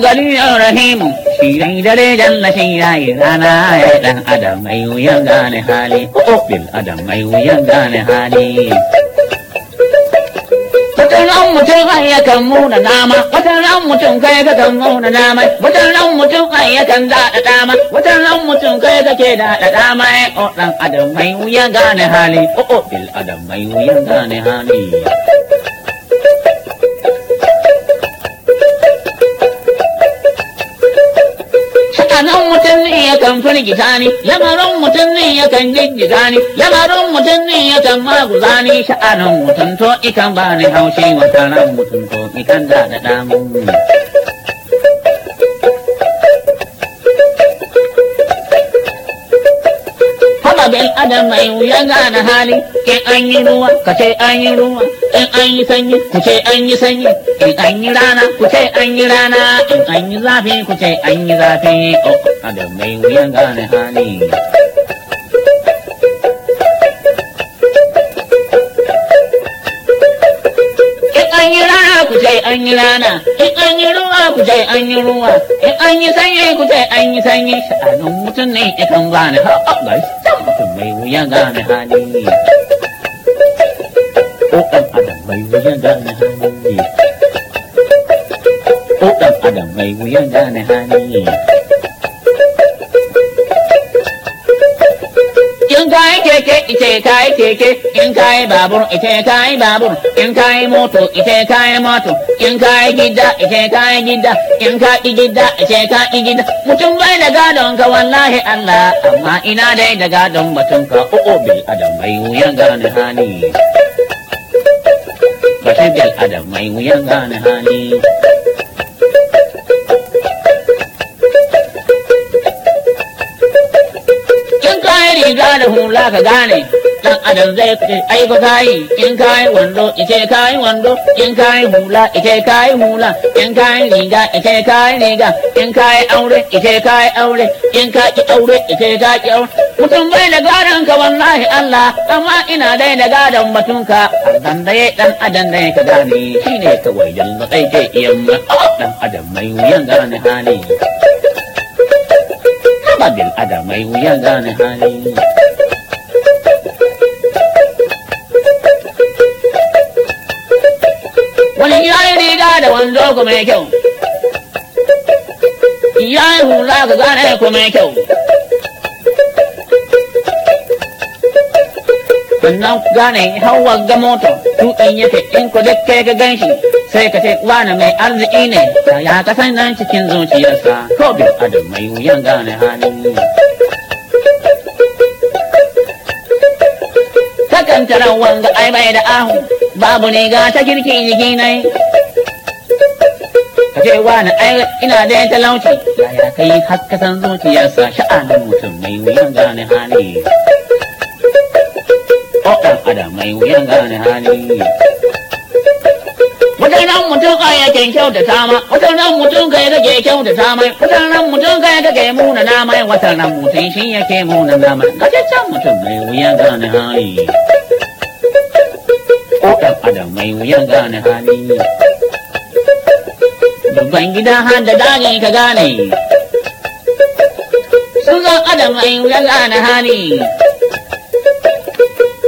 gariyan rahimu shi dai dare janna shi dai rana ya dan adam ai wuyan gane hali bil adam ai wuyan gane hali watan ran mutum ai kan muna nama watan ran mutum kai ka kan muna nama watan mutum ai yakan daɗa dama watan mutum kai ka ke daɗa dama ai o dan adam mai wuya gane hali o bil adam mai wuya gane hali yakan firgita ni lamarin mutum ne yakan jijjiga ni lamarin mutum ne yakan maguza ni sha'anin mutum to ikan bani haushi wataran mutum to ikan da da damun adam mai wuya gane hali in an yi ruwa ka ce an yi ruwa in an yi sanyi ka ce an yi sanyi in an yi rana ku ce an yi rana in an yi zafi ku ce an yi zafi mai wuyan gane hali an yi rana ku ce an yi rana in an yi ruwa ku ce an yi ruwa in an yi sanyi ku ce an yi sanyi sha'anin mutum ne gane ha mutum mai wuya gane hali adam mai gane hali 우연간의 한이 in kai keke ite kai keke in kai babur ite kai babur in kai moto ite kai moto in kai gida ite kai gida in kai gida ite kai gida mutum bai da gadon ka wallahi Allah amma ina dai da gadon batun ka o'o bil adam mai wuyan gane hali batun bil adam mai wuyan gane riga da hula ka gane dan adam zai kace ai ko kai in kai wando ike kai wando in kai hula ike kai hula in kai riga ike kai riga in kai aure ike kai aure kin ka ki aure ike ka ki aure mutum bai da gadon ka wallahi Allah amma ina dai da gadon mutum ka dan dai dan adam dai ka gane shine kawai dan dai ke iyamma dan adam mai wuyan gane hali ba ada adamai wuya gane hali wani ni ga da wando ku mai kyau yayi hula ga gane ku mai kyau sannan gane hawa ga moto tutan yake in ko duk kai ganshi sai ka ce mai arziki ne ta ya san nan cikin zuciyarsa ko bin adam mai wuyan gane halin takan tarar wanga ai mai da ahu babu ne ga ta girki jiki nai ce wani ai ina da talauci yaya kai har kasan zuciyarsa sha'anin mutum mai wuyan gane hali ɗan ada mai wuyan gane hali mutanen mutum ka ya kyauta ta ma mutanen mutum ka ya ke ta mai mutanen mutum ka ya ke muna nama watanan mutum shi ya ke muna nama gajajen mutum mai wuyan gane hali ɗan ada mai wuyan gane hali babban gida har da ka gane sun zan adam mai wuyan gane hali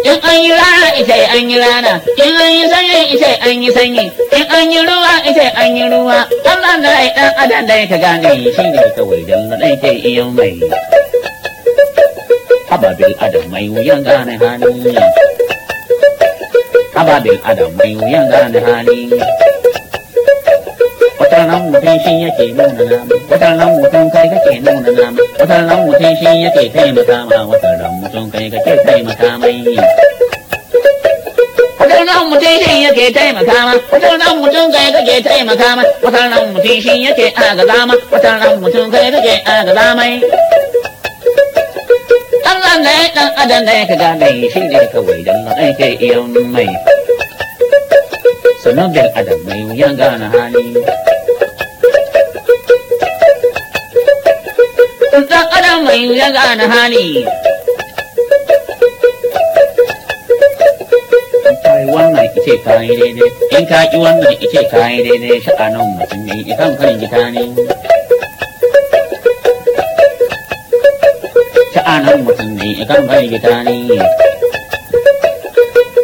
In an yi rana isai an yi rana, in an yi sanyi isai an yi sanyi, in an yi ruwa isai an yi ruwa, Allah da rai ɗan adam da ka gane shi ne kawai dan ɗan ke iya mai. Haba adam mai wuyan gane hali. ne. adam mai wuyan gane hali. watannan mutum shi yake nuna nama watannan mutum kai kake nuna nama watannan shi yake taimaka ma watannan shi yake taimaka ma watannan shi yake agaza ma watannan kawai iya hali dan adam mai ya gane hali kai wannan ice yi daidai in ka ki wannan ice kayi daidai sha'anin mutum ne ikan kan gita ne sha'anin mutum ne ikan kan gita ne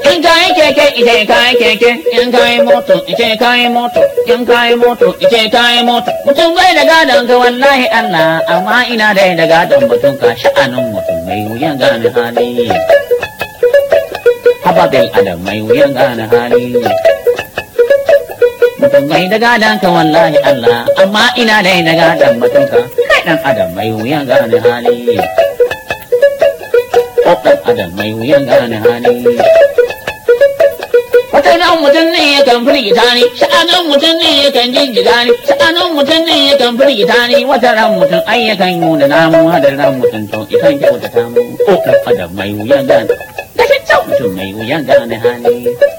in kai keke ice kai keke in kai moto ice kai moto in kai moto ice kai moto mutum bai da gadon ka wallahi Allah amma ina dai daga gadon mutum ka sha'anin mutum mai wuyan gane hali haba bil adam mai wuyan gane hali mutum bai da gadon ka wallahi Allah amma ina dai daga gadon mutum ka dan adam mai wuyan gane hali Oh, adam mai wuyan gane hali Sa'anan mutum ne ya yakan firgita ne, sha'anan mutum ne ya kan yakan jingita ne, sha'anan mutum ne ya yakan firgita ne, wata ran mutum ai yakan yi da namu hadar ran mutum to ikan ta mu, ko kan adam mai wuyan gane. Gashin can mutum mai wuyan gane hali.